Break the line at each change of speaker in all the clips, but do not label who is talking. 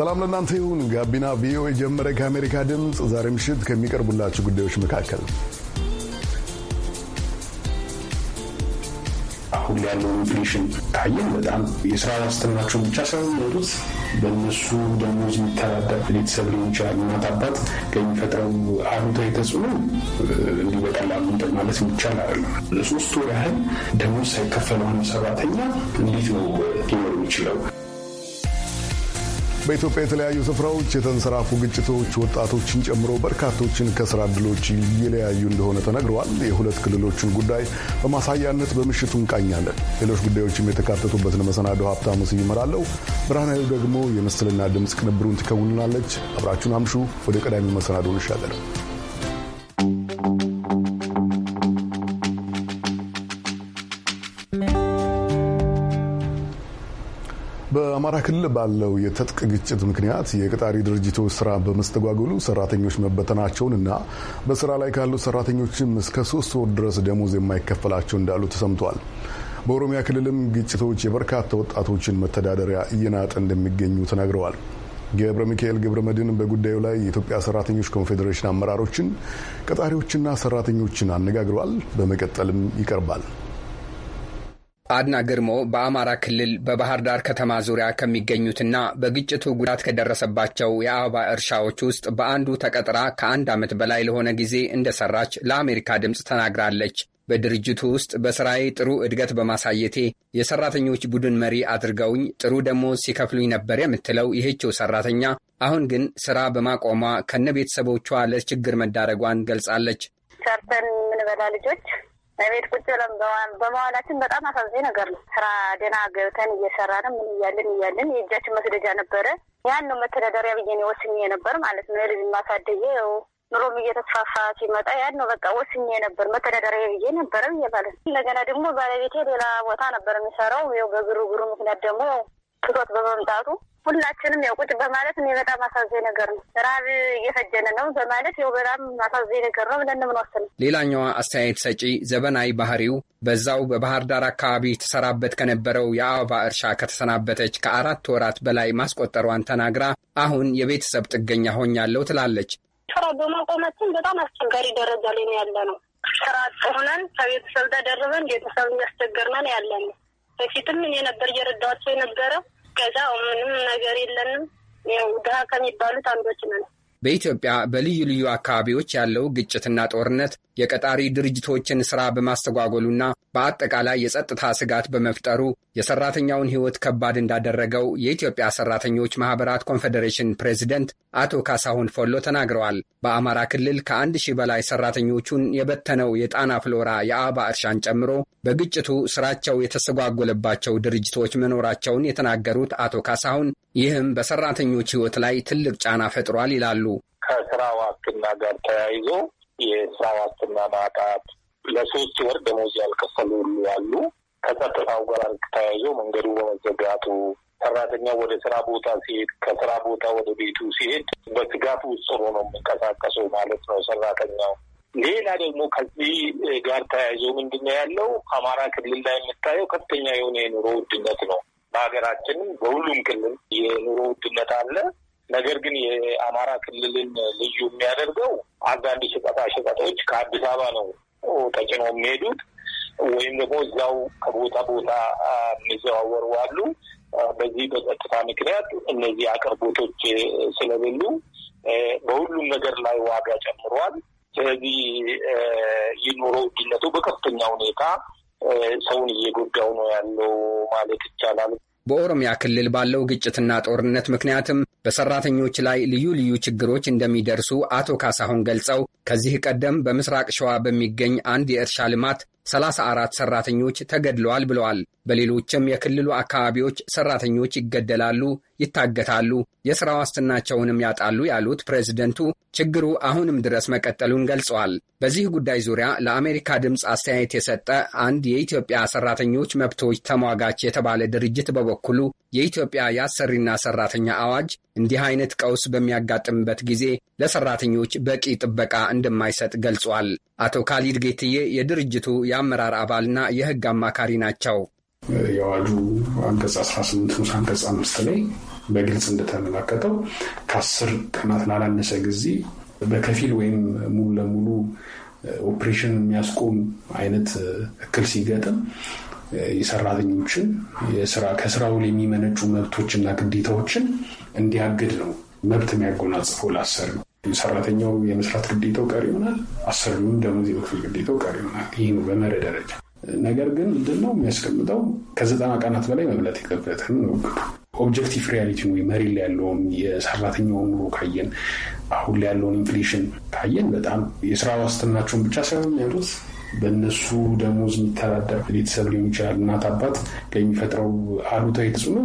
ሰላም ለእናንተ ይሁን። ጋቢና ቪኦኤ ጀመረ። ከአሜሪካ ድምፅ ዛሬ ምሽት ከሚቀርቡላችሁ ጉዳዮች መካከል
አሁን
ያለው ኢንፍሌሽን ካየን በጣም የስራ ዋስትናቸውን ብቻ ሳይሆን ሚወጡት በእነሱ ደሞዝ የሚተዳደር ቤተሰብ ሊሆን ይችላል። እናት አባት ከሚፈጥረው አሉታዊ ተጽዕኖ እንዲህ በቀላሉ እንትን ማለት የሚቻል አይደለም። ለሶስት ወር ያህል ደሞዝ ሳይከፈለው ሆነ ሰራተኛ እንዴት ነው ሊኖር የሚችለው?
በኢትዮጵያ የተለያዩ ስፍራዎች የተንሰራፉ ግጭቶች ወጣቶችን ጨምሮ በርካቶችን ከስራ እድሎች እየለያዩ እንደሆነ ተነግረዋል። የሁለት ክልሎችን ጉዳይ በማሳያነት በምሽቱ እንቃኛለን። ሌሎች ጉዳዮችም የተካተቱበትን መሰናዶ ሀብታሙ ስዩም እመራለሁ። ብርሃናዊ ደግሞ የምስልና ድምፅ ቅንብሩን ትከውንናለች። አብራችሁን አምሹ። ወደ ቀዳሚ መሰናዶ እንሻገር። በአማራ ክልል ባለው የትጥቅ ግጭት ምክንያት የቀጣሪ ድርጅቶች ስራ በመስተጓጎሉ ሰራተኞች መበተናቸውን እና በስራ ላይ ካሉ ሰራተኞችም እስከ ሶስት ወር ድረስ ደሞዝ የማይከፈላቸው እንዳሉ ተሰምቷል። በኦሮሚያ ክልልም ግጭቶች የበርካታ ወጣቶችን መተዳደሪያ እየናጠ እንደሚገኙ ተናግረዋል። ገብረ ሚካኤል ገብረ መድን በጉዳዩ ላይ የኢትዮጵያ ሰራተኞች ኮንፌዴሬሽን አመራሮችን፣ ቀጣሪዎችና ሰራተኞችን አነጋግረዋል። በመቀጠልም ይቀርባል።
አድና ግርሞ በአማራ ክልል በባህር ዳር ከተማ ዙሪያ ከሚገኙትና በግጭቱ ጉዳት ከደረሰባቸው የአበባ እርሻዎች ውስጥ በአንዱ ተቀጥራ ከአንድ ዓመት በላይ ለሆነ ጊዜ እንደሰራች ለአሜሪካ ድምፅ ተናግራለች። በድርጅቱ ውስጥ በስራዬ ጥሩ እድገት በማሳየቴ የሰራተኞች ቡድን መሪ አድርገውኝ ጥሩ ደሞዝ ሲከፍሉኝ ነበር የምትለው ይህችው ሰራተኛ አሁን ግን ስራ በማቆሟ ከነ ቤተሰቦቿ ለችግር መዳረጓን ገልጻለች።
ሰርተን የምንበላ ልጆች ቤት ቁጭ ብለን በመዋላችን በጣም አሳዛኝ ነገር ነው። ስራ ደህና ገብተን እየሰራን ምን እያለን እያለን የእጃችን መስደጃ ነበረ። ያን ነው መተዳደሪያ ብዬ ነው ወስኜ ነበር ማለት ነው። ልጅ ማሳደየ ው ኑሮም እየተስፋፋ ሲመጣ ያን ነው በቃ ወስኜ ነበር መተዳደሪያ ብዬ ነበረ ብዬ ማለት ነው። እንደገና ደግሞ ባለቤቴ ሌላ ቦታ ነበር የሚሰራው ው በግሩግሩ ምክንያት ደግሞ ትቶት በመምጣቱ ሁላችንም ያው ቁጭ በማለት እኔ በጣም አሳዘኝ ነገር ነው፣ ረሀብ እየፈጀነ ነው በማለት ያው በጣም አሳዘኝ ነገር ነው ብለን
ምንወስነ።
ሌላኛዋ አስተያየት ሰጪ ዘበናዊ ባህሪው በዛው በባህር ዳር አካባቢ ተሰራበት ከነበረው የአበባ እርሻ ከተሰናበተች ከአራት ወራት በላይ ማስቆጠሯን ተናግራ አሁን የቤተሰብ ጥገኛ ሆኛለሁ ትላለች።
ስራ በማቆማችን በጣም አስቸጋሪ ደረጃ ላይ ነው ያለ ነው። ስራ ሆነን ከቤተሰብ ተደርበን ቤተሰብ እያስቸገርነን ያለ ነው። በፊትም እኔ ነበር እየረዳኋቸው እስከዛ ምንም ነገር የለንም። ያው ድሃ ከሚባሉት አንዶች ነን።
በኢትዮጵያ በልዩ ልዩ አካባቢዎች ያለው ግጭትና ጦርነት የቀጣሪ ድርጅቶችን ሥራ በማስተጓጎሉና በአጠቃላይ የጸጥታ ስጋት በመፍጠሩ የሰራተኛውን ሕይወት ከባድ እንዳደረገው የኢትዮጵያ ሰራተኞች ማኅበራት ኮንፌዴሬሽን ፕሬዚደንት አቶ ካሳሁን ፎሎ ተናግረዋል። በአማራ ክልል ከአንድ ሺህ በላይ ሰራተኞቹን የበተነው የጣና ፍሎራ የአበባ እርሻን ጨምሮ በግጭቱ ስራቸው የተስተጓጎለባቸው ድርጅቶች መኖራቸውን የተናገሩት አቶ ካሳሁን ይህም በሰራተኞች ሕይወት ላይ ትልቅ ጫና ፈጥሯል ይላሉ።
ከስራ ዋስትና ጋር ተያይዞ የስራ ዋስትና ማጣት፣ ለሶስት ወር ደሞዝ ያልከፈሉ ሁሉ አሉ። ከጸጥታው ጋር ተያይዞ መንገዱ በመዘጋቱ ሰራተኛው ወደ ስራ ቦታ ሲሄድ ከስራ ቦታ ወደ ቤቱ ሲሄድ በስጋት ውስጥ ሆኖ ነው የሚንቀሳቀሰው ማለት ነው ሰራተኛው። ሌላ ደግሞ ከዚህ ጋር ተያይዞ ምንድነው ያለው አማራ ክልል ላይ የምታየው ከፍተኛ የሆነ የኑሮ ውድነት ነው። በሀገራችንም በሁሉም ክልል የኑሮ ውድነት አለ። ነገር ግን የአማራ ክልልን ልዩ የሚያደርገው አንዳንድ ሸቀጦች ከአዲስ አበባ ነው ተጭኖ የሚሄዱት ወይም ደግሞ እዛው ከቦታ ቦታ የሚዘዋወሩ አሉ። በዚህ በጸጥታ ምክንያት እነዚህ አቅርቦቶች ስለሌሉ በሁሉም ነገር ላይ ዋጋ ጨምሯል። ስለዚህ የኑሮ ውድነቱ በከፍተኛ ሁኔታ ሰውን እየጎዳው ነው
ያለው ማለት ይቻላል። በኦሮሚያ ክልል ባለው ግጭትና ጦርነት ምክንያትም በሰራተኞች ላይ ልዩ ልዩ ችግሮች እንደሚደርሱ አቶ ካሳሁን ገልጸው ከዚህ ቀደም በምስራቅ ሸዋ በሚገኝ አንድ የእርሻ ልማት 34 ሰራተኞች ተገድለዋል ብለዋል። በሌሎችም የክልሉ አካባቢዎች ሰራተኞች ይገደላሉ፣ ይታገታሉ፣ የሥራ ዋስትናቸውንም ያጣሉ ያሉት ፕሬዝደንቱ ችግሩ አሁንም ድረስ መቀጠሉን ገልጸዋል። በዚህ ጉዳይ ዙሪያ ለአሜሪካ ድምፅ አስተያየት የሰጠ አንድ የኢትዮጵያ ሰራተኞች መብቶች ተሟጋች የተባለ ድርጅት በበኩሉ የኢትዮጵያ የአሰሪና ሰራተኛ አዋጅ እንዲህ አይነት ቀውስ በሚያጋጥምበት ጊዜ ለሰራተኞች በቂ ጥበቃ እንደማይሰጥ ገልጿል። አቶ ካሊድ ጌትዬ የድርጅቱ የአመራር አባልና የሕግ አማካሪ ናቸው።
የአዋጁ አንቀጽ 18 ንዑስ አንቀጽ አምስት ላይ በግልጽ እንደተመለከተው ከአስር ቀናት ላላነሰ ጊዜ በከፊል ወይም ሙሉ ለሙሉ ኦፕሬሽን የሚያስቆም አይነት እክል ሲገጥም የሰራተኞችን የስራ ከስራ ውል የሚመነጩ መብቶችና ግዴታዎችን እንዲያግድ ነው። መብት የሚያጎናጽፎ ላሰር ነው። ሰራተኛው የመስራት ግዴታው ቀሪ ይሆናል። አሰሪውም ደሞዝ የመክፈል ግዴታው ቀሪ ይሆናል። ይህ ነው በመረ ደረጃ። ነገር ግን ምንድነው የሚያስቀምጠው ከዘጠና ቀናት በላይ መብላት የለበትም ነው ግዱ። ኦብጀክቲቭ ሪያሊቲ ወይ መሪ ላይ ያለውን የሰራተኛውን ኑሮ ካየን፣ አሁን ላይ ያለውን ኢንፍሌሽን ካየን በጣም የስራ ዋስትናቸውን ብቻ ሳይሆን ያሉት በእነሱ ደሞዝ የሚተዳደር ቤተሰብ ሊሆን ይችላል። እናት አባት ለሚፈጥረው አሉታዊ ተጽዕኖ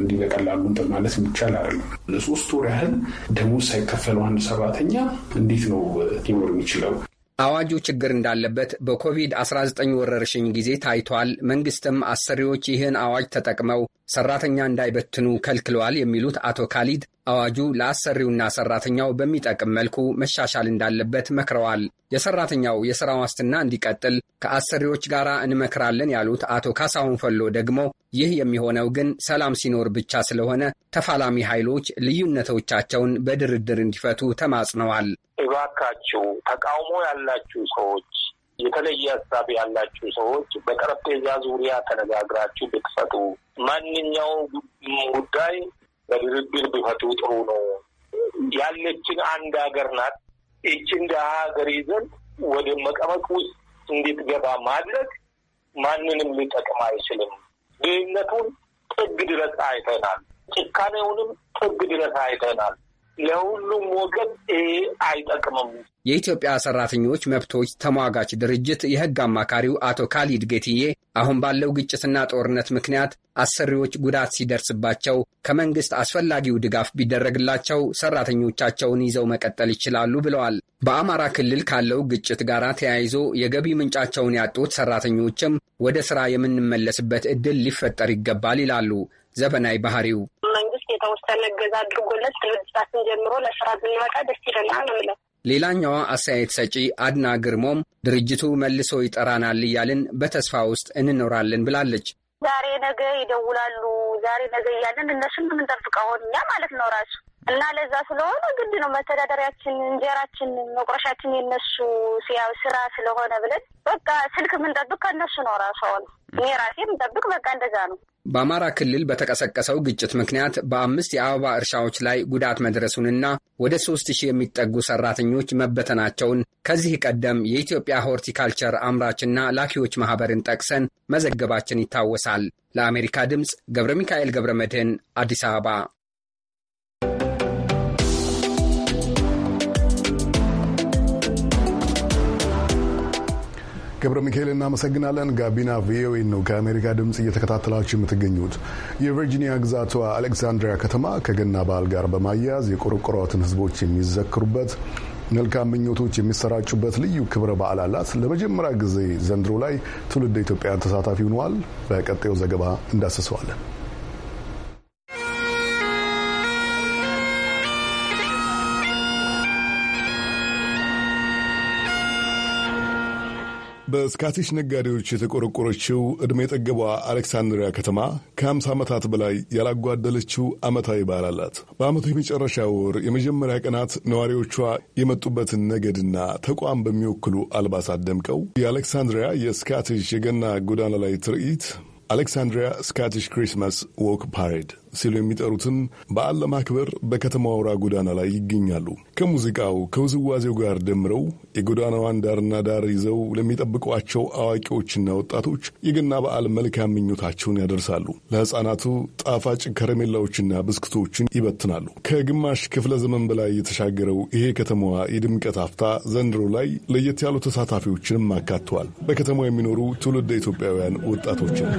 እንዲህ በቀላሉ እንትን ማለት የሚቻል አይደለም። ለሶስት ወር ያህል ደሞዝ ሳይከፈለው አንድ ሰራተኛ እንዴት ነው ሊኖር የሚችለው?
አዋጁ ችግር እንዳለበት በኮቪድ-19 ወረርሽኝ ጊዜ ታይቷል። መንግስትም አሰሪዎች ይህን አዋጅ ተጠቅመው ሰራተኛ እንዳይበትኑ ከልክለዋል የሚሉት አቶ ካሊድ አዋጁ ለአሰሪውና ሰራተኛው በሚጠቅም መልኩ መሻሻል እንዳለበት መክረዋል። የሰራተኛው የሥራ ዋስትና እንዲቀጥል ከአሰሪዎች ጋር እንመክራለን ያሉት አቶ ካሳሁን ፈሎ ደግሞ ይህ የሚሆነው ግን ሰላም ሲኖር ብቻ ስለሆነ ተፋላሚ ኃይሎች ልዩነቶቻቸውን በድርድር እንዲፈቱ ተማጽነዋል።
እባካችሁ ተቃውሞ ያላችሁ ሰዎች የተለየ ሀሳብ ያላችሁ ሰዎች በጠረጴዛ ዙሪያ ተነጋግራችሁ ብትፈቱ ማንኛው ጉዳይ በድርድር ቢፈቱ ጥሩ ነው። ያለችን አንድ ሀገር ናት። እች እንደ ሀገር ይዘን ወደ መቀመቅ ውስጥ እንድትገባ ማድረግ ማንንም ሊጠቅም አይችልም። ድህነቱን ጥግ ድረስ አይተናል። ጭካኔውንም ጥግ ድረስ አይተናል። ለሁሉም ወገን ይሄ አይጠቅምም።
የኢትዮጵያ ሰራተኞች መብቶች ተሟጋች ድርጅት የህግ አማካሪው አቶ ካሊድ ጌትዬ አሁን ባለው ግጭትና ጦርነት ምክንያት አሰሪዎች ጉዳት ሲደርስባቸው ከመንግስት አስፈላጊው ድጋፍ ቢደረግላቸው ሰራተኞቻቸውን ይዘው መቀጠል ይችላሉ ብለዋል። በአማራ ክልል ካለው ግጭት ጋር ተያይዞ የገቢ ምንጫቸውን ያጡት ሰራተኞችም ወደ ሥራ የምንመለስበት ዕድል ሊፈጠር ይገባል ይላሉ ዘበናይ ባህሪው
የተወሰነ እገዛ አድርጎለት ድርጅታችን ጀምሮ ለስራ ብንበቃ ደስ ይለናል ነው።
ሌላኛዋ አስተያየት ሰጪ አድና ግርሞም ድርጅቱ መልሶ ይጠራናል እያልን በተስፋ ውስጥ እንኖራለን ብላለች።
ዛሬ ነገ ይደውላሉ፣ ዛሬ ነገ እያለን እነሱን የምንጠብቀው ሆን እኛ ማለት ነው ራሱ እና ለዛ ስለሆነ ግድ ነው መተዳደሪያችን፣ እንጀራችን፣ መቁረሻችን የነሱ ስራ ስለሆነ ብለን በቃ ስልክ የምንጠብቅ ከእነሱ ነው። ራሰውን እኔ ራሴ ምንጠብቅ በቃ እንደዛ ነው።
በአማራ ክልል በተቀሰቀሰው ግጭት ምክንያት በአምስት የአበባ እርሻዎች ላይ ጉዳት መድረሱንና ወደ ሶስት ሺህ የሚጠጉ ሰራተኞች መበተናቸውን ከዚህ ቀደም የኢትዮጵያ ሆርቲካልቸር አምራችና ላኪዎች ማህበርን ጠቅሰን መዘገባችን ይታወሳል። ለአሜሪካ ድምፅ ገብረ ሚካኤል ገብረ መድህን አዲስ አበባ
ገብረ ሚካኤል እናመሰግናለን። ጋቢና ቪኦኤ ነው ከአሜሪካ ድምፅ እየተከታተላችሁ የምትገኙት። የቨርጂኒያ ግዛቷ አሌክሳንድሪያ ከተማ ከገና በዓል ጋር በማያያዝ የቆረቆሯትን ሕዝቦች የሚዘክሩበት መልካም ምኞቶች የሚሰራጩበት ልዩ ክብረ በዓል አላት። ለመጀመሪያ ጊዜ ዘንድሮ ላይ ትውልድ ኢትዮጵያን ተሳታፊ ሆነዋል። በቀጣዩ ዘገባ እንዳስሰዋለን። በስካቲሽ ነጋዴዎች የተቆረቆረችው ዕድሜ የጠገቧ አሌክሳንድሪያ ከተማ ከ50 ዓመታት በላይ ያላጓደለችው ዓመታዊ በዓል አላት። በዓመቱ የመጨረሻ ወር የመጀመሪያ ቀናት ነዋሪዎቿ የመጡበትን ነገድና ተቋም በሚወክሉ አልባሳት ደምቀው የአሌክሳንድሪያ የስካቲሽ የገና ጎዳና ላይ ትርኢት አሌክሳንድሪያ ስካቲሽ ክሪስማስ ዎክ ፓሬድ ሲሉ የሚጠሩትን በዓል ለማክበር በከተማ አውራ ጎዳና ላይ ይገኛሉ። ከሙዚቃው ከውዝዋዜው ጋር ደምረው የጎዳናዋን ዳርና ዳር ይዘው ለሚጠብቋቸው አዋቂዎችና ወጣቶች የገና በዓል መልካም ምኞታቸውን ያደርሳሉ። ለሕፃናቱ ጣፋጭ ከረሜላዎችና ብስኩቶችን ይበትናሉ። ከግማሽ ክፍለ ዘመን በላይ የተሻገረው ይሄ ከተማዋ የድምቀት አፍታ ዘንድሮ ላይ ለየት ያሉ ተሳታፊዎችንም አካተዋል። በከተማው የሚኖሩ ትውልደ ኢትዮጵያውያን ወጣቶችን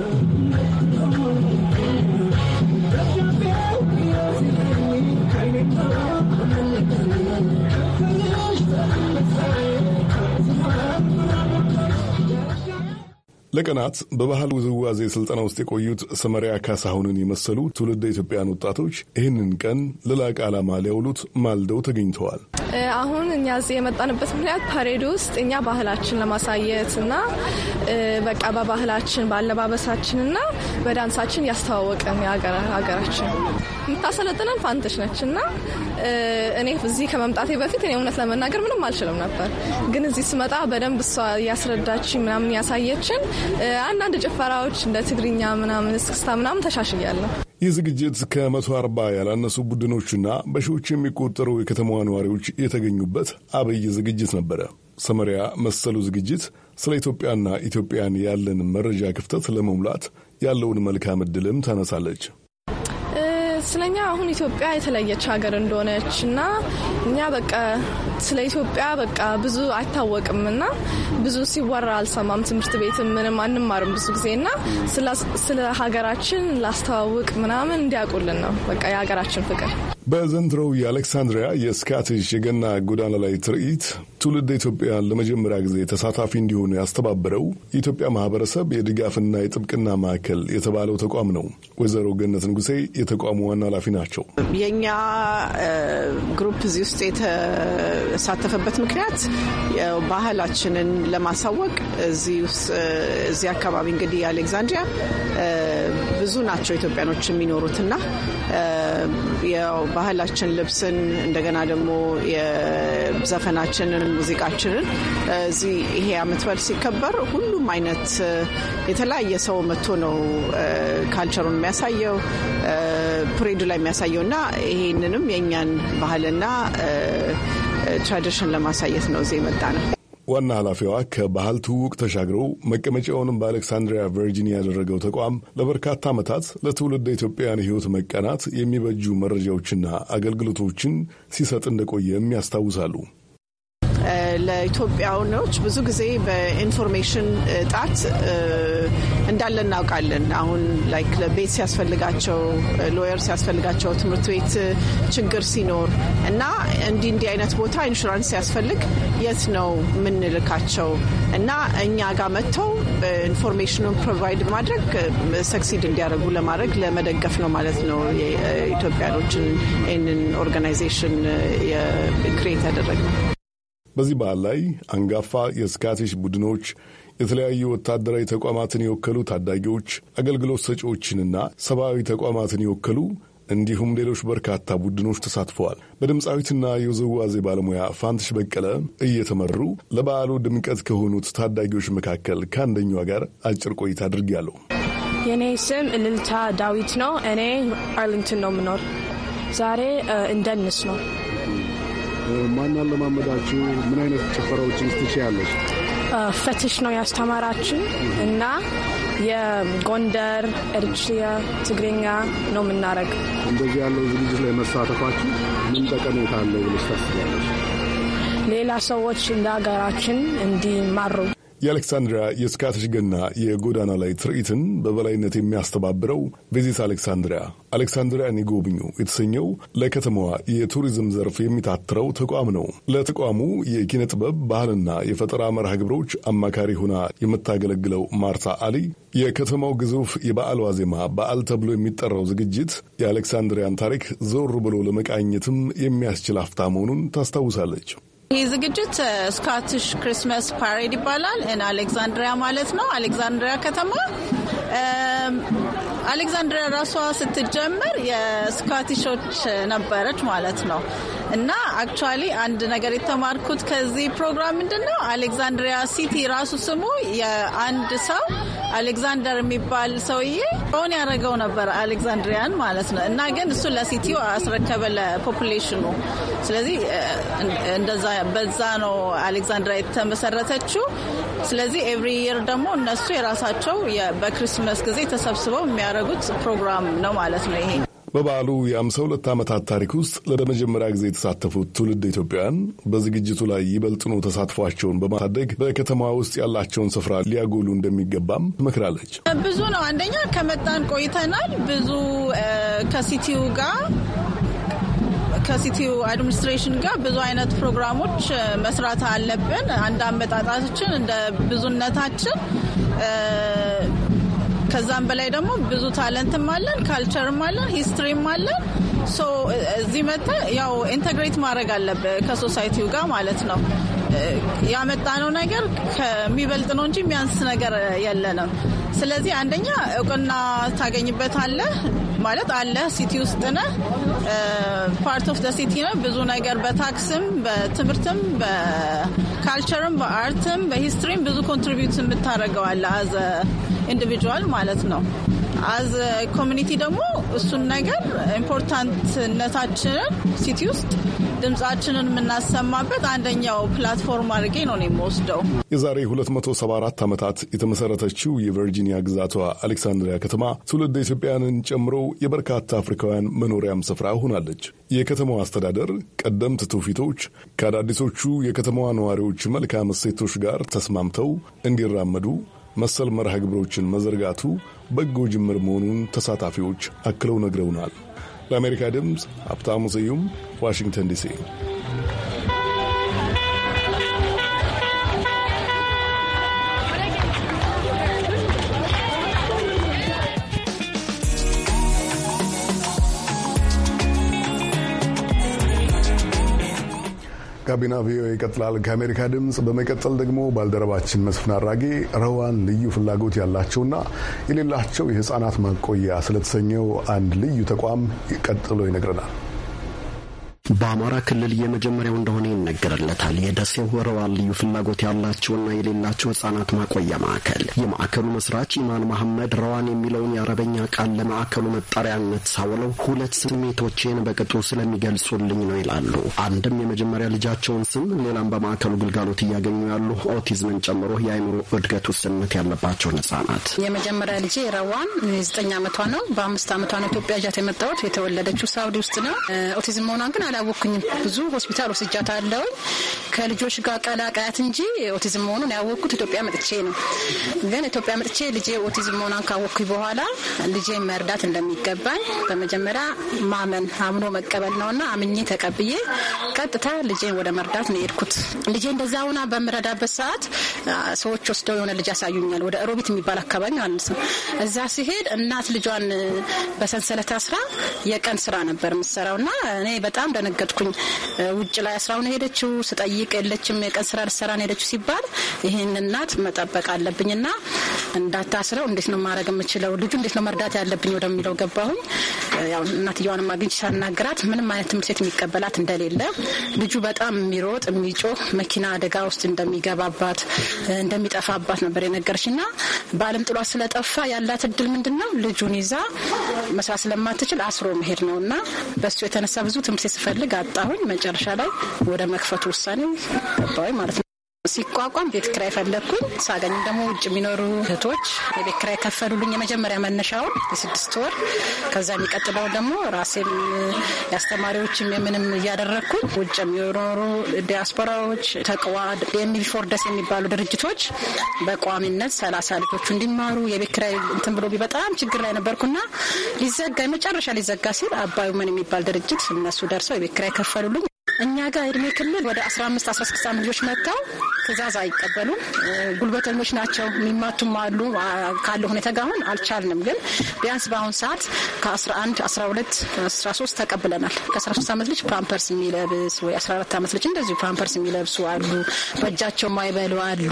ለቀናት በባህል ውዝዋዜ ስልጠና ውስጥ የቆዩት ሰመሪያ ካሳሁንን የመሰሉ ትውልደ ኢትዮጵያን ወጣቶች ይህንን ቀን ለላቀ ዓላማ ሊያውሉት ማልደው ተገኝተዋል።
አሁን እኛ እዚህ የመጣንበት ምክንያት ፓሬድ ውስጥ እኛ ባህላችን ለማሳየት እና በቃ በባህላችን በአለባበሳችን እና በዳንሳችን ያስተዋወቅን ሀገራችን የምታሰለጥነን ፋንተሽ ነች እና እኔ እዚህ ከመምጣቴ በፊት እኔ እውነት ለመናገር ምንም አልችልም ነበር፣ ግን እዚህ ስመጣ በደንብ እሷ እያስረዳችኝ ምናምን ያሳየችን አንዳንድ ጭፈራዎች እንደ ትግርኛ ምናምን እስክስታ ምናምን ተሻሽያለሁ።
ይህ ዝግጅት ከመቶ አርባ ያላነሱ ቡድኖችና በሺዎች የሚቆጠሩ የከተማዋ ነዋሪዎች የተገኙበት አብይ ዝግጅት ነበረ። ሰመሪያ መሰሉ ዝግጅት ስለ ኢትዮጵያና ኢትዮጵያን ያለን መረጃ ክፍተት ለመሙላት ያለውን መልካም ዕድልም ታነሳለች።
ስለኛ አሁን ኢትዮጵያ የተለየች ሀገር እንደሆነች እና እኛ በቃ ስለ ኢትዮጵያ በቃ ብዙ አይታወቅም እና ብዙ ሲወራ አልሰማም። ትምህርት ቤትም ምንም አንማርም ብዙ ጊዜ እና ስለ ሀገራችን ላስተዋውቅ ምናምን እንዲያውቁልን ነው በቃ የሀገራችን ፍቅር
በዘንድሮው የአሌክሳንድሪያ የስካቲሽ የገና ጎዳና ላይ ትርኢት ትውልድ ኢትዮጵያን ለመጀመሪያ ጊዜ ተሳታፊ እንዲሆኑ ያስተባበረው የኢትዮጵያ ማህበረሰብ የድጋፍና የጥብቅና ማዕከል የተባለው ተቋም ነው። ወይዘሮ ገነት ንጉሴ የተቋሙ ዋና ኃላፊ ናቸው።
የእኛ ግሩፕ እዚህ ውስጥ የተሳተፈበት ምክንያት ባህላችንን ለማሳወቅ እዚህ አካባቢ እንግዲህ የአሌክዛንድሪያ ብዙ ናቸው ኢትዮጵያኖች የሚኖሩትና የባህላችን ልብስን እንደገና ደግሞ የዘፈናችንን ሙዚቃችንን እዚህ ይሄ ዓመት በዓል ሲከበር ሁሉም አይነት የተለያየ ሰው መጥቶ ነው ካልቸሩን የሚያሳየው ፕሬዱ ላይ የሚያሳየው እና ይሄንንም የእኛን ባህልና ትራዲሽን ለማሳየት ነው እዚህ የመጣ ነው።
ዋና ኃላፊዋ ከባህል ትውውቅ ተሻግረው መቀመጫውንም በአሌክሳንድሪያ ቨርጂኒያ ያደረገው ተቋም ለበርካታ ዓመታት ለትውልድ ኢትዮጵያውያን ሕይወት መቀናት የሚበጁ መረጃዎችና አገልግሎቶችን ሲሰጥ እንደቆየም ያስታውሳሉ።
ለኢትዮጵያኖች ብዙ ጊዜ በኢንፎርሜሽን እጣት እንዳለ እናውቃለን። አሁን ላይክ ለቤት ሲያስፈልጋቸው፣ ሎየር ሲያስፈልጋቸው፣ ትምህርት ቤት ችግር ሲኖር እና እንዲህ እንዲህ አይነት ቦታ ኢንሹራንስ ሲያስፈልግ የት ነው የምንልካቸው እና እኛ ጋር መጥተው ኢንፎርሜሽኑን ፕሮቫይድ ማድረግ ሰክሲድ እንዲያደርጉ ለማድረግ ለመደገፍ ነው ማለት ነው። ኢትዮጵያኖችን ይህንን ኦርጋናይዜሽን ክሬት ነው።
በዚህ በዓል ላይ አንጋፋ የስካቲሽ ቡድኖች የተለያዩ ወታደራዊ ተቋማትን የወከሉ ታዳጊዎች፣ አገልግሎት ሰጪዎችንና ሰብአዊ ተቋማትን የወከሉ እንዲሁም ሌሎች በርካታ ቡድኖች ተሳትፈዋል። በድምፃዊትና የውዝዋዜ ባለሙያ ፋንትሽ በቀለ እየተመሩ ለበዓሉ ድምቀት ከሆኑት ታዳጊዎች መካከል ከአንደኛዋ ጋር አጭር ቆይታ አድርጌያለሁ።
የእኔ ስም እልልታ ዳዊት ነው። እኔ አርሊንግተን ነው የምኖር። ዛሬ እንደንስ ነው
ማን አለማመዳችሁ ምን አይነት ጭፈራዎችን ስትችያለች?
ፈትሽ ነው ያስተማራችን እና የጎንደር ኤርትሪያ፣ ትግርኛ ነው የምናደርግ።
እንደዚህ ያለው ዝግጅት ላይ መሳተፋችሁ ምን ጠቀሜታ አለው ብለሽ ታስቢያለሽ?
ሌላ ሰዎች እንደ ሀገራችን እንዲማሩ
የአሌክሳንድሪያ የስካትሽ ገና የጎዳና ላይ ትርኢትን በበላይነት የሚያስተባብረው ቪዚት አሌክሳንድሪያ አሌክሳንድሪያን ይጎብኙ የተሰኘው ለከተማዋ የቱሪዝም ዘርፍ የሚታትረው ተቋም ነው። ለተቋሙ የኪነ ጥበብ ባህልና የፈጠራ መርሃ ግብሮች አማካሪ ሆና የምታገለግለው ማርታ አሊ የከተማው ግዙፍ የበዓል ዋዜማ በዓል ተብሎ የሚጠራው ዝግጅት የአሌክሳንድሪያን ታሪክ ዞር ብሎ ለመቃኘትም የሚያስችል አፍታ መሆኑን ታስታውሳለች።
ይህ ዝግጅት ስካትሽ ክሪስመስ ፓሬድ ይባላል። አሌክዛንድሪያ ማለት ነው። አሌክዛንድሪያ ከተማ አሌክዛንድሪያ um, ራሷ ስትጀመር የስካቲሾች ነበረች ማለት ነው። እና አክቹዋሊ አንድ ነገር የተማርኩት ከዚህ ፕሮግራም ምንድን ነው አሌክዛንድሪያ ሲቲ ራሱ ስሙ የአንድ ሰው አሌክዛንደር የሚባል ሰውዬ ኦን ያደረገው ነበር አሌክዛንድሪያን ማለት ነው። እና ግን እሱ ለሲቲው አስረከበ ለፖፑሌሽኑ። ስለዚህ እንደዛ በዛ ነው አሌክዛንድሪያ የተመሰረተችው። ስለዚህ ኤቭሪ ይር ደግሞ እነሱ የራሳቸው በክሪስመስ ጊዜ ተሰብስበው የሚያደርጉት ፕሮግራም ነው ማለት ነው ይሄ
በበዓሉ የአምሳ ሁለት ዓመታት ታሪክ ውስጥ ለመጀመሪያ ጊዜ የተሳተፉት ትውልድ ኢትዮጵያውያን በዝግጅቱ ላይ ይበልጥኑ ተሳትፏቸውን በማሳደግ በከተማ ውስጥ ያላቸውን ስፍራ ሊያጎሉ እንደሚገባም ትመክራለች።
ብዙ ነው። አንደኛ ከመጣን ቆይተናል። ብዙ ከሲቲው ጋር ከሲቲው አድሚኒስትሬሽን ጋር ብዙ አይነት ፕሮግራሞች መስራት አለብን። አንድ አመጣጣችን እንደ ብዙነታችን ከዛም በላይ ደግሞ ብዙ ታለንትም አለን፣ ካልቸርም አለን፣ ሂስትሪም አለን። ሶ እዚህ መጥተህ ያው ኢንተግሬት ማድረግ አለብህ ከሶሳይቲው ጋር ማለት ነው። ያመጣነው ነገር ከሚበልጥ ነው እንጂ የሚያንስ ነገር የለንም። ስለዚህ አንደኛ እውቅና ታገኝበት አለ ማለት አለ ሲቲ ውስጥ ነ ፓርት ኦፍ ደ ሲቲ ነ ብዙ ነገር በታክስም፣ በትምህርትም፣ በካልቸርም፣ በአርትም፣ በሂስትሪም ብዙ ኮንትሪቢዩት የምታደርገው አለ አዘ ኢንዲቪጁዋል ማለት ነው። አዝ ኮሚኒቲ ደግሞ እሱን ነገር ኢምፖርታንትነታችንን ሲቲ ውስጥ ድምፃችንን የምናሰማበት አንደኛው ፕላትፎርም አድርጌ ነው የምወስደው።
የዛሬ 274 ዓመታት የተመሰረተችው የቨርጂኒያ ግዛቷ አሌክሳንድሪያ ከተማ ትውልድ ኢትዮጵያውያንን ጨምሮ የበርካታ አፍሪካውያን መኖሪያም ስፍራ ሆናለች። የከተማዋ አስተዳደር ቀደምት ትውፊቶች ከአዳዲሶቹ የከተማዋ ነዋሪዎች መልካም እሴቶች ጋር ተስማምተው እንዲራመዱ መሰል መርሃ ግብሮችን መዘርጋቱ በጎ ጅምር መሆኑን ተሳታፊዎች አክለው ነግረውናል። ለአሜሪካ ድምፅ ሀብታሙ ስዩም ዋሽንግተን ዲሲ ጋቢና ቪኦኤ ይቀጥላል። ከአሜሪካ ድምፅ በመቀጠል ደግሞ ባልደረባችን መስፍን አራጌ ረዋን ልዩ ፍላጎት ያላቸውና የሌላቸው የህፃናት ማቆያ ስለተሰኘው አንድ ልዩ ተቋም ቀጥሎ ይነግረናል። በአማራ ክልል የመጀመሪያው እንደሆነ ይነገርለታል። የደሴው ወረዋ ልዩ ፍላጎት
ያላቸውና የሌላቸው ህጻናት ማቆያ ማዕከል የማዕከሉ መስራች ኢማን መሐመድ ረዋን የሚለውን የአረበኛ ቃል ለማዕከሉ መጠሪያነት ሳውለው ሁለት ስሜቶቼን በቅጡ ስለሚገልጹልኝ ነው ይላሉ። አንድም የመጀመሪያ ልጃቸውን ስም፣ ሌላም በማዕከሉ ግልጋሎት እያገኙ ያሉ ኦቲዝምን ጨምሮ የአይምሮ እድገት ውስንነት ያለባቸውን ህጻናት።
የመጀመሪያ ልጄ ረዋን ዘጠኝ ዓመቷ ነው። በአምስት ዓመቷ ነው ኢትዮጵያ ጃት የመጣሁት። የተወለደችው ሳውዲ ውስጥ ነው። ኦቲዝም መሆኗን ግን አላወቅኩኝም። ብዙ ሆስፒታል ወስጃት አለውኝ ከልጆች ጋር ቀላቀያት እንጂ ኦቲዝም መሆኑን ያወቅኩት ኢትዮጵያ መጥቼ ነው። ግን ኢትዮጵያ መጥቼ ልጄ ኦቲዝም መሆኗን ካወቅኩኝ በኋላ ልጄ መርዳት እንደሚገባኝ በመጀመሪያ ማመን አምኖ መቀበል ነውና አምኜ ተቀብዬ ቀጥታ ልጄን ወደ መርዳት ነው የሄድኩት። ልጄ እንደዛ ሁና በምረዳበት ሰዓት ሰዎች ወስደው የሆነ ልጅ ያሳዩኛል። ወደ ሮቢት የሚባል አካባቢ ማለት ነው። እዛ ሲሄድ እናት ልጇን በሰንሰለት አስራ የቀን ስራ ነበር የምትሰራው እና እኔ በጣም ደነገጥኩኝ። ውጭ ላይ አስራውን ሄደችው ስጠይቅ የለችም የቀን ስራ ልሰራ ነው ሄደችው ሲባል ይህን እናት መጠበቅ አለብኝ ና እንዳታስረው እንዴት ነው ማድረግ የምችለው ልጁ እንዴት ነው መርዳት ያለብኝ ወደሚለው ገባሁኝ። ያው እናትየዋንም አግኝቼ ሳናግራት ምንም አይነት ትምህርት ቤት የሚቀበላት እንደሌለ ልጁ በጣም የሚሮጥ የሚጮህ መኪና አደጋ ውስጥ እንደሚገባባት እንደሚጠፋባት ነበር የነገረች ና በአለም ጥሏት ስለጠፋ ያላት እድል ምንድን ነው ልጁን ይዛ መስራት ስለማትችል አስሮ መሄድ ነው እና በሱ የተነሳ ብዙ ትምህርት ስፈልግ አጣሁኝ። መጨረሻ ላይ ወደ መክፈት ውሳኔ ገባሁኝ ማለት ነው። ሲቋቋም ቤት ኪራይ ፈለግኩኝ። ሳገኝ ደግሞ ውጭ የሚኖሩ እህቶች የቤት ኪራይ ከፈሉልኝ። የመጀመሪያ መነሻውን የስድስት ወር፣ ከዛ የሚቀጥለው ደግሞ ራሴም የአስተማሪዎችም የምንም እያደረግኩኝ ውጭ የሚኖሩ ዲያስፖራዎች ተቅዋ ፎርደስ የሚባሉ ድርጅቶች በቋሚነት ሰላሳ ልጆቹ እንዲማሩ የቤት ኪራይ እንትን ብሎ በጣም ችግር ላይ ነበርኩና ሊዘጋ መጨረሻ ሊዘጋ ሲል አባዩ ምን የሚባል ድርጅት እነሱ ደርሰው የቤት ኪራይ ከፈሉልኝ። እኛ ጋር እድሜ ክልል ወደ 15 16 ልጆች መጥተው ትእዛዝ አይቀበሉም። ጉልበተኞች ናቸው የሚማቱም አሉ። ካለ ሁኔታ ጋር አሁን አልቻልንም፣ ግን ቢያንስ በአሁን ሰዓት ከ11 12 13 ተቀብለናል። ከ13 ዓመት ልጅ ፓምፐርስ የሚለብስ ወይ 14 ዓመት ልጅ እንደዚሁ ፓምፐርስ የሚለብሱ አሉ። በእጃቸው ማይበሉ አሉ።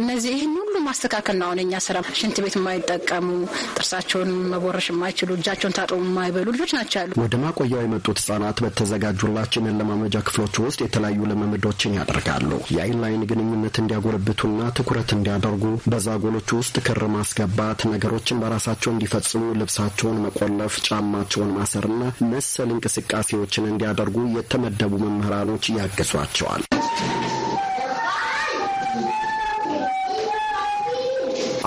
እነዚህ ይህን ሁሉ ማስተካከል ነው አሁን የኛ ስራ። ሽንት ቤት የማይጠቀሙ ጥርሳቸውን መቦረሽ የማይችሉ እጃቸውን ታጥቦ የማይበሉ ልጆች ናቸው ያሉ።
ወደ ማቆያው የመጡት ህጻናት በተዘጋጁላቸው መለማመ መለማመጃ ክፍሎች ውስጥ የተለያዩ ልምምዶችን ያደርጋሉ። የአይን ላይን ግንኙነት እንዲያጎለብቱና ትኩረት እንዲያደርጉ በዛጎሎች ውስጥ ክር ማስገባት፣ ነገሮችን በራሳቸው እንዲፈጽሙ ልብሳቸውን መቆለፍ፣ ጫማቸውን ማሰርና መሰል እንቅስቃሴዎችን እንዲያደርጉ የተመደቡ መምህራኖች ያግዟቸዋል።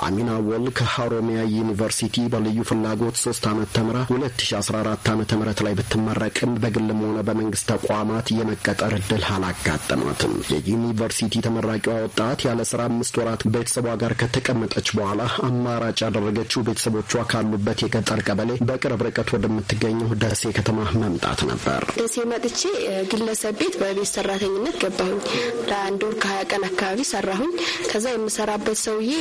አሚና ወል ከሀሮሚያ ዩኒቨርሲቲ በልዩ ፍላጎት ሶስት ዓመት ተምራ 2014 ዓ ም ላይ ብትመረቅም በግልም ሆነ በመንግስት ተቋማት የመቀጠር እድል አላጋጠማትም። የዩኒቨርሲቲ ተመራቂዋ ወጣት ያለ ስራ አምስት ወራት ቤተሰቧ ጋር ከተቀመጠች በኋላ አማራጭ ያደረገችው ቤተሰቦቿ ካሉበት የገጠር ቀበሌ በቅርብ ርቀት ወደምትገኘው ደሴ ከተማ መምጣት ነበር። ደሴ
መጥቼ ግለሰብ ቤት በቤት ሰራተኝነት ገባሁኝ። ለአንድ ወር ከሀያ ቀን አካባቢ ሰራሁኝ። ከዛ የምሰራበት ሰውዬ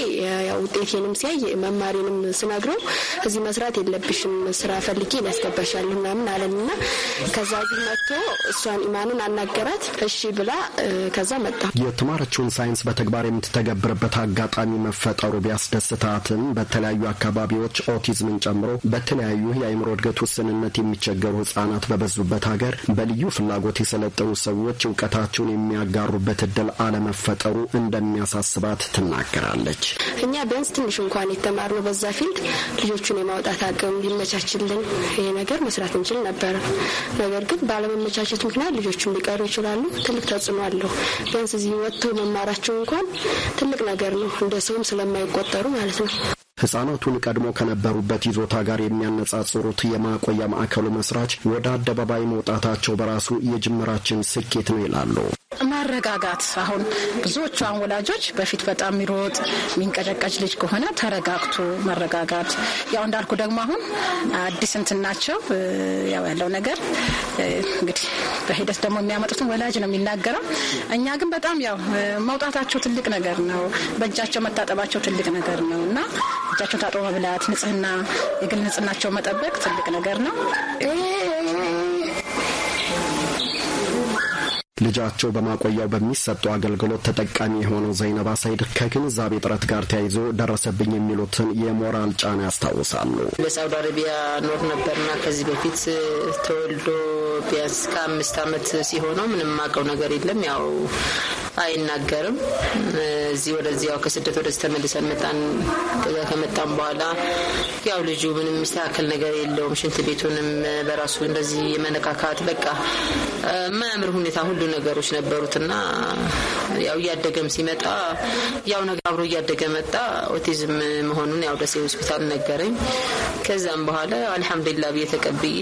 ያው ውጤቴንም ሲያይ መማሪንም ስነግረው እዚህ መስራት የለብሽም ስራ ፈልጌ ያስገባሻል ምናምን አለንና ከዛ ዚህ መጥቶ እሷን ኢማንን አናገራት። እሺ ብላ ከዛ መጣ።
የተማረችውን ሳይንስ በተግባር የምትተገብርበት አጋጣሚ መፈጠሩ ቢያስደስታትም በተለያዩ አካባቢዎች ኦቲዝምን ጨምሮ በተለያዩ የአይምሮ እድገት ውስንነት የሚቸገሩ ህጻናት በበዙበት ሀገር በልዩ ፍላጎት የሰለጠኑ ሰዎች እውቀታቸውን የሚያጋሩበት እድል አለመፈጠሩ እንደሚያሳስባት ትናገራለች።
እኛ ቢያንስ ቢያንስ ትንሽ እንኳን የተማርነው በዛ ፊልድ ልጆቹን የማውጣት አቅም ሊመቻችልን ይሄ ነገር መስራት እንችል ነበር። ነገር ግን ባለመመቻቸት ምክንያት ልጆቹን ሊቀሩ ይችላሉ። ትልቅ ተጽዕኖ አለው። ቢያንስ እዚህ ወጥተው መማራቸው እንኳን ትልቅ ነገር ነው፣ እንደ ሰውም ስለማይቆጠሩ ማለት ነው።
ህጻናቱን ቀድሞ ከነበሩበት ይዞታ ጋር የሚያነጻጽሩት የማቆያ ማዕከሉ መስራች ወደ አደባባይ መውጣታቸው በራሱ የጅምራችን ስኬት ነው ይላሉ።
መረጋጋት አሁን ብዙዎቹ አሁን ወላጆች በፊት በጣም የሚሮጥ የሚንቀጨቀጭ ልጅ ከሆነ ተረጋግቶ መረጋጋት፣ ያው እንዳልኩ ደግሞ አሁን አዲስ እንትን ናቸው ያው ያለው ነገር እንግዲህ በሂደት ደግሞ የሚያመጡትን ወላጅ ነው የሚናገረው። እኛ ግን በጣም ያው መውጣታቸው ትልቅ ነገር ነው፣ በእጃቸው መታጠባቸው ትልቅ ነገር ነው እና እጃቸውን ታጥቦ መብላት፣ ንጽህና፣ የግል ንጽህናቸው መጠበቅ ትልቅ ነገር ነው።
ልጃቸው በማቆያው በሚሰጠው አገልግሎት ተጠቃሚ የሆነው ዘይነባ አሳይድ ከግንዛቤ ጥረት ጋር ተያይዞ ደረሰብኝ የሚሉትን የሞራል ጫና ያስታውሳሉ።
በሳውዲ አረቢያ ኖር ነበርና ከዚህ በፊት ተወልዶ ቢያንስ ከአምስት ዓመት ሲሆነው ምንም ማቀው ነገር የለም ያው አይናገርም። እዚህ ወደዚህ ከስደት ወደዚህ ተመልሰን መጣን። ከዛ ከመጣን በኋላ ያው ልጁ ምንም የሚስተካከል ነገር የለውም። ሽንት ቤቱንም በራሱ እንደዚህ የመነካካት በቃ የማያምር ሁኔታ ሁሉ ነገሮች ነበሩትና ያው እያደገም ሲመጣ ያው ነገር አብሮ እያደገ መጣ። ኦቲዝም መሆኑን ያው ደሴ ሆስፒታል ነገረኝ። ከዛም በኋላ አልሐምዱሊላ ብዬ ተቀብዬ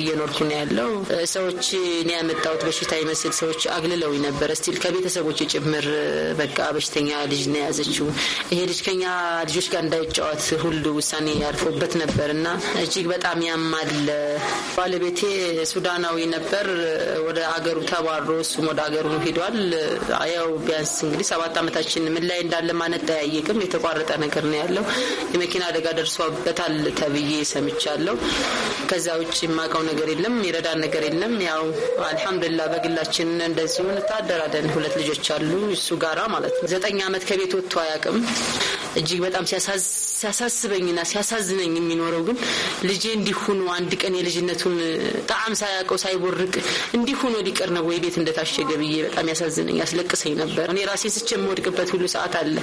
እየኖርኩ ነው ያለው። ሰዎች እኔ ያመጣሁት በሽታ ይመስል ሰዎች አግልለውኝ ነበረ ስቲል ለቤተሰቦች ጭምር በቃ በሽተኛ ልጅ ነው የያዘችው፣ ይሄ ልጅ ከኛ ልጆች ጋር እንዳይጫወት ሁሉ ውሳኔ ያርፎበት ነበር እና እጅግ በጣም ያማል። ባለቤቴ ሱዳናዊ ነበር። ወደ አገሩ ተባሮ እሱም ወደ አገሩ ሂዷል። ያው ቢያንስ እንግዲህ ሰባት ዓመታችን ምን ላይ እንዳለ ማነት ጠያየቅም የተቋረጠ ነገር ነው ያለው። የመኪና አደጋ ደርሷበታል ተብዬ ሰምቻለሁ። ከዛ ውጭ የማውቀው ነገር የለም፣ ይረዳን ነገር የለም። ያው አልሐምዱላ በግላችን እንደዚሁ እንታደራለን። ሁለት ልጆች አሉ እሱ ጋራ ማለት ነው። ዘጠኝ አመት ከቤት ወጥቶ አያውቅም። እጅግ በጣም ሲያሳስበኝና ሲያሳዝነኝ የሚኖረው ግን ልጄ እንዲሁኑ አንድ ቀን የልጅነቱን ጣዕም ሳያውቀው ሳይቦርቅ እንዲሁኑ ሊቀር ነው ወይ ቤት እንደታሸገ ብዬ በጣም ያሳዝነኝ ያስለቅሰኝ ነበር። እኔ ራሴ ስቼ የምወድቅበት ሁሉ ሰዓት አለ።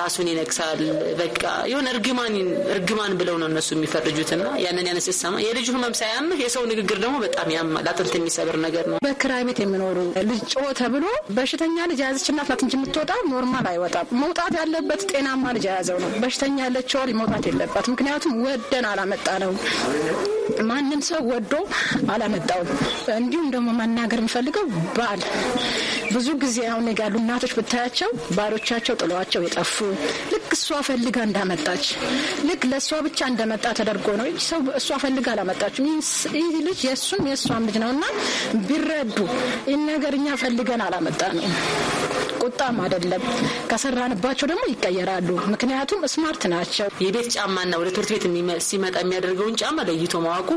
ራሱን ይነክሳል። በቃ የሆነ እርግማን እርግማን ብለው ነው እነሱ የሚፈርጁትና ያንን
ያነ ሰማ የልጁ
ህመም ሳያምህ የሰው ንግግር ደግሞ በጣም ያማል። አጥንት
የሚሰብር ነገር ነው። በክራይ ቤት የሚኖሩ ልጅ ጮኸ ተብሎ በሽተኛ ልጅ የያዘች እናት ናት እንጂ የምትወጣ ኖርማል አይወጣም። መውጣት ያለበት ጤናማ ልጅ የያዘው ነው። በሽተኛ ያለችዋ ልጅ መውጣት የለባት። ምክንያቱም ወደን አላመጣ ነው። ማንም ሰው ወዶ አላመጣውም። እንዲሁም ደግሞ መናገር የምፈልገው ባል ብዙ ጊዜ አሁን ጋሉ እናቶች ብታያቸው ባሎቻቸው ጥለዋቸው የጠፉ ጠፉ። ልክ እሷ ፈልጋ እንዳመጣች ልክ ለእሷ ብቻ እንደመጣ ተደርጎ ነው። ሰው እሷ ፈልጋ አላመጣችም። ይህ ልጅ የእሱም የእሷም ልጅ ነው እና ቢረዱ ይህ ነገር እኛ ፈልገን አላመጣ ነው ቁጣም አይደለም። ከሰራንባቸው ደግሞ ይቀየራሉ። ምክንያቱም ስማርት ናቸው። የቤት
ጫማና ወደ ትምህርት ቤት ሲመጣ የሚያደርገውን ጫማ ለይቶ ማዋቁ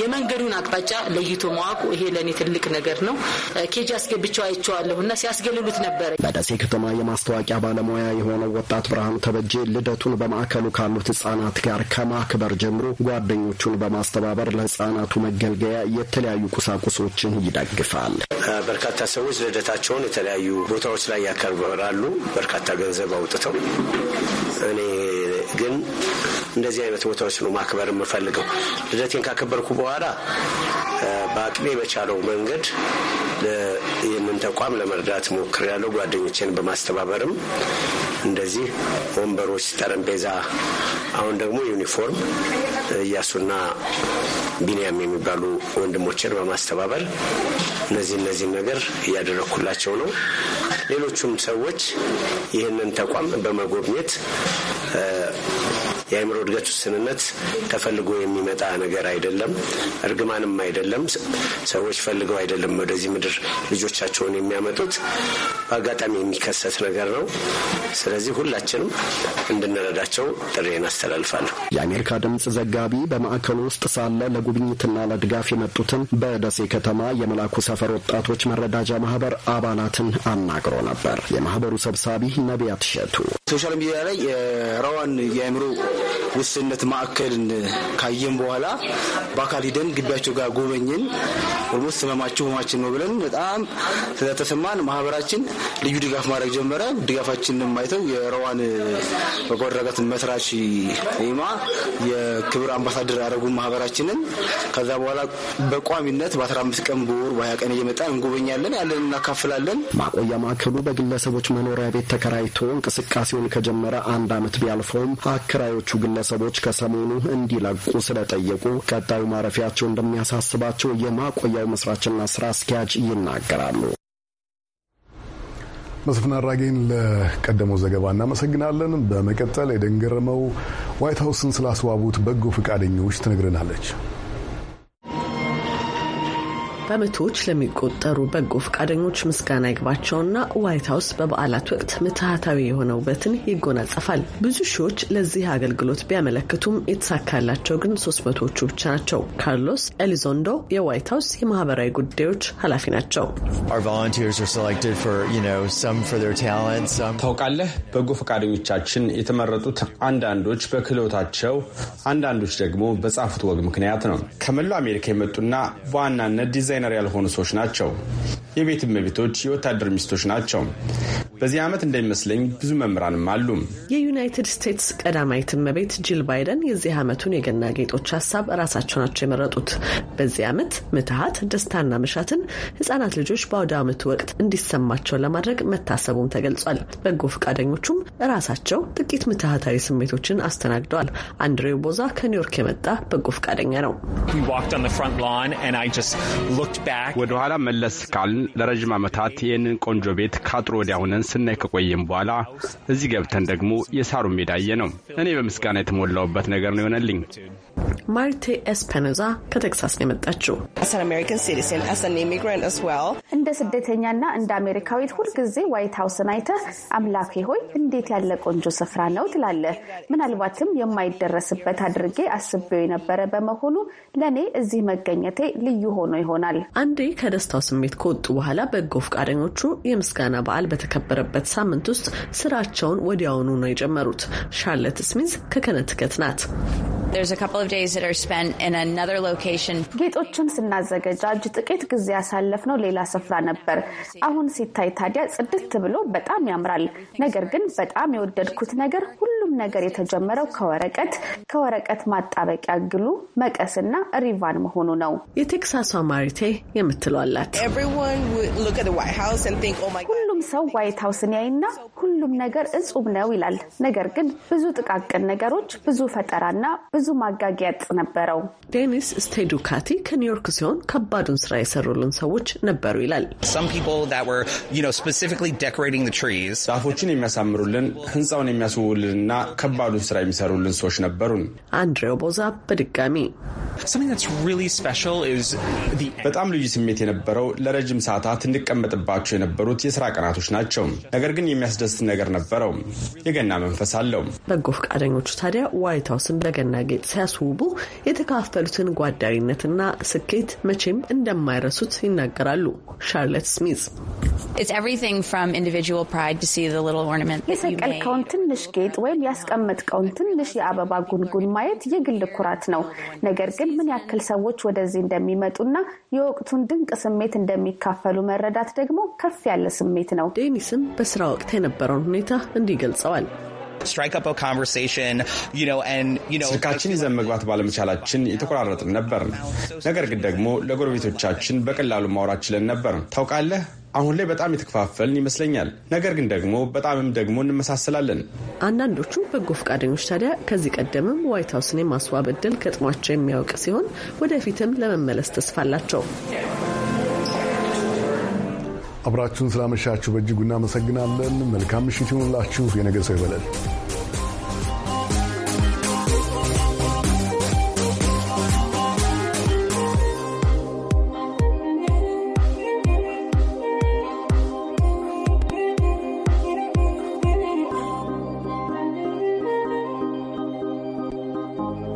የመንገዱን አቅጣጫ ለይቶ ማዋቁ ይሄ ለእኔ ትልቅ ነገር ነው። ኬጂ አስገብቸው አይቸዋለሁ እና ሲያስገልሉት ነበረ።
በደሴ ከተማ የማስታወቂያ ባለሙያ የሆነው ወጣት ብርሃኑ ተበጄ ልደቱን በማዕከሉ ካሉት ህጻናት ጋር ከማክበር ጀምሮ ጓደኞቹን በማስተባበር ለህጻናቱ መገልገያ የተለያዩ ቁሳቁሶችን ይደግፋል።
በርካታ ሰዎች ልደታቸውን የተለያዩ ቦታዎች ላይ ያከብራሉ። በርካታ ገንዘብ አውጥተው እኔ ግን እንደዚህ አይነት ቦታዎች ነው ማክበር የምፈልገው። ልደቴን ካከበርኩ በኋላ በአቅሜ በቻለው መንገድ ይህንን ተቋም ለመርዳት ያለው ጓደኞቼን በማስተባበርም እንደዚህ ወንበሮች፣ ጠረጴዛ፣ አሁን ደግሞ ዩኒፎርም እያሱና ቢንያም የሚባሉ ወንድሞችን በማስተባበር እነዚህ እነዚህን ነገር እያደረግኩላቸው ነው። ሌሎቹም ሰዎች ይህንን ተቋም በመጎብኘት የአእምሮ እድገት ውስንነት ተፈልጎ የሚመጣ ነገር አይደለም፣ እርግማንም አይደለም። ሰዎች ፈልገው አይደለም ወደዚህ ምድር ልጆቻቸውን የሚያመጡት በአጋጣሚ የሚከሰት ነገር ነው። ስለዚህ ሁላችንም እንድንረዳቸው ጥሬን አስተላልፋለሁ። የአሜሪካ
ድምጽ ዘጋቢ በማዕከሉ ውስጥ ሳለ ለጉብኝትና ለድጋፍ የመጡትን በደሴ ከተማ የመላኩ ሰፈር ወጣቶች መረዳጃ ማህበር አባላትን አናግሮ ነበር። የማህበሩ ሰብሳቢ ነቢያት ሸቱ
ሶሻል ሚዲያ ላይ ረዋን የአእምሮ ውስንነት ማዕከልን ካየን በኋላ በአካል ሂደን ግቢያቸው ጋር ጎበኝን ኦልሞስት ህመማቸው ህመማችን ነው ብለን በጣም ስለተሰማን ማህበራችን ልዩ ድጋፍ ማድረግ ጀመረ። ድጋፋችን አይተው የረዋን በጎ አድራጎት መስራች ማ የክብር አምባሳደር ያደረጉን ማህበራችንን ከዛ በኋላ በቋሚነት በ15 ቀን በወር በሀያ ቀን እየመጣን እንጎበኛለን፣ ያለን እናካፍላለን።
ማቆያ ማዕከሉ በግለሰቦች መኖሪያ ቤት ተከራይቶ እንቅስቃሴውን ከጀመረ አንድ አመት ቢያልፈውም አከራዮቹ ሌሎቹ ግለሰቦች ከሰሞኑ እንዲለቁ ስለጠየቁ ቀጣዩ ማረፊያቸው እንደሚያሳስባቸው የማቆያው መስራችና ስራ አስኪያጅ ይናገራሉ።
መስፍን አራጌን ለቀደመው ዘገባ እናመሰግናለን። በመቀጠል የደንገረመው ዋይት ሀውስን ስላስዋቡት በጎ ፈቃደኞች ትነግረናለች።
በመቶዎች ለሚቆጠሩ በጎ ፈቃደኞች ምስጋና ይግባቸውና ዋይት ሀውስ በበዓላት ወቅት ምትሃታዊ የሆነ ውበትን ይጎናጸፋል። ብዙ ሺዎች ለዚህ አገልግሎት ቢያመለክቱም የተሳካላቸው ግን ሶስት መቶዎቹ ብቻ ናቸው። ካርሎስ ኤሊዞንዶ የዋይት ሀውስ የማህበራዊ ጉዳዮች ኃላፊ ናቸው።
ታውቃለህ፣ በጎ ፈቃደኞቻችን የተመረጡት አንዳንዶች በክህሎታቸው፣ አንዳንዶች ደግሞ በጻፉት ወግ ምክንያት ነው። ከመላው አሜሪካ የመጡና በዋናነት ዲዛይን ዲዛይነር ያልሆኑ ሰዎች ናቸው። የቤት እመቤቶች የወታደር ሚስቶች ናቸው። በዚህ ዓመት እንደሚመስለኝ ብዙ መምህራንም አሉ።
የዩናይትድ ስቴትስ ቀዳማዊት እመቤት ጂል ባይደን የዚህ ዓመቱን የገና ጌጦች ሀሳብ ራሳቸው ናቸው የመረጡት። በዚህ ዓመት ምትሃት፣ ደስታና መሻትን ህጻናት ልጆች በአውደ ዓመቱ ወቅት እንዲሰማቸው ለማድረግ መታሰቡም ተገልጿል። በጎ ፈቃደኞቹም ራሳቸው ጥቂት ምትሃታዊ ስሜቶችን አስተናግደዋል። አንድሬው ቦዛ ከኒውዮርክ የመጣ በጎ ፈቃደኛ ነው።
ወደኋላ መለስ ካልን ለረዥም ዓመታት ይህንን ቆንጆ ቤት ከአጥሩ ወዲያ ስናይ ከቆየም በኋላ እዚህ ገብተን ደግሞ የሳሩ ሜዳየ ነው። እኔ በምስጋና የተሞላውበት ነገር ነው የሆነልኝ።
ማርቴ ኤስፐኖዛ ከቴክሳስ ነው የመጣችው።
እንደ ስደተኛና እንደ አሜሪካዊት ሁልጊዜ ዋይት ሀውስን አይተህ አምላኬ ሆይ እንዴት ያለ ቆንጆ ስፍራ ነው ትላለህ። ምናልባትም የማይደረስበት አድርጌ አስቤው የነበረ በመሆኑ ለእኔ እዚህ መገኘቴ ልዩ ሆኖ ይሆናል። አንዴ
ከደስታው ስሜት ከወጡ በኋላ በጎ ፈቃደኞቹ የምስጋና በዓል በተከበረበት ሳምንት ውስጥ ስራቸውን ወዲያውኑ ነው የጀመሩት። ሻርለት ስሚዝ ከከነትከት ናት።
that are spent in another location. ጌጦችን ስናዘገጃጅ ጥቂት ጊዜ ያሳለፍነው ሌላ ስፍራ ነበር። አሁን ሲታይ ታዲያ ጽድት ብሎ በጣም ያምራል። ነገር ግን በጣም የወደድኩት ነገር ሁሉም ነገር የተጀመረው ከወረቀት ከወረቀት ማጣበቂያ ግሉ፣ መቀስና ሪቫን መሆኑ ነው።
የቴክሳሷ ማሪቴ
የምትሏላት ሁሉም ሰው ዋይት ሀውስን ያይና ሁሉም ነገር እጹብ ነው ይላል። ነገር ግን ብዙ ጥቃቅን ነገሮች፣ ብዙ ፈጠራና ብዙ ማጋጊያት ነበረው።
ዴኒስ ስቴዱካቲ ከኒውዮርክ ሲሆን ከባዱን ስራ የሰሩልን
ሰዎች ነበሩ ይላል። ዛፎችን የሚያሳምሩልን፣ ህንፃውን የሚያስውውልንና ከባዱን ስራ የሚሰሩልን ሰዎች ነበሩን። አንድሬው
ቦዛ በድጋሚ
በጣም ልዩ ስሜት የነበረው ለረጅም ሰዓታት እንድቀመጥባቸው የነበሩት የስራ ቀናቶች ናቸው። ነገር ግን የሚያስደስት ነገር ነበረው። የገና መንፈስ አለው።
በጎ ፈቃደኞቹ ታዲያ ዋይት ሀውስን በገና ጌጥ ሲያስውቡ የተካፈሉትን ጓዳሪነትና ስኬት መቼም እንደማይረሱት ይናገራሉ። ሻርለት ስሚዝ
የሰቀልከውን ትንሽ ጌጥ ወይም ያስቀመጥከውን ትንሽ የአበባ ጉንጉን ማየት የግል ኩራት ነው። ነገር ግን ምን ያክል ሰዎች ወደዚህ እንደሚመጡና የወቅቱን ድንቅ ስሜት እንደሚካፈሉ መረዳት ደግሞ ከፍ ያለ ስሜት ነው። ዴኒስም በስራ ወቅት
የነበረውን ሁኔታ እንዲህ ገልጸዋል።
strike up a conversation, you know, and you know ስልካችን ይዘን መግባት ባለመቻላችን የተቆራረጥን ነበርን። ነገር ግን ደግሞ ለጎረቤቶቻችን በቀላሉ ማውራት ችለን ነበር። ታውቃለህ አሁን ላይ በጣም የተከፋፈልን ይመስለኛል። ነገር ግን ደግሞ በጣምም ደግሞ እንመሳሰላለን።
አንዳንዶቹ በጎ ፈቃደኞች ታዲያ ከዚህ ቀደምም ዋይት ሀውስን የማስዋብ
እድል ገጥሟቸው
የሚያውቅ ሲሆን ወደፊትም ለመመለስ ተስፋ አላቸው።
አብራችሁን ስላመሻችሁ በእጅጉ እናመሰግናለን። መልካም ምሽት ይሁንላችሁ። የነገ ሰው ይበለን።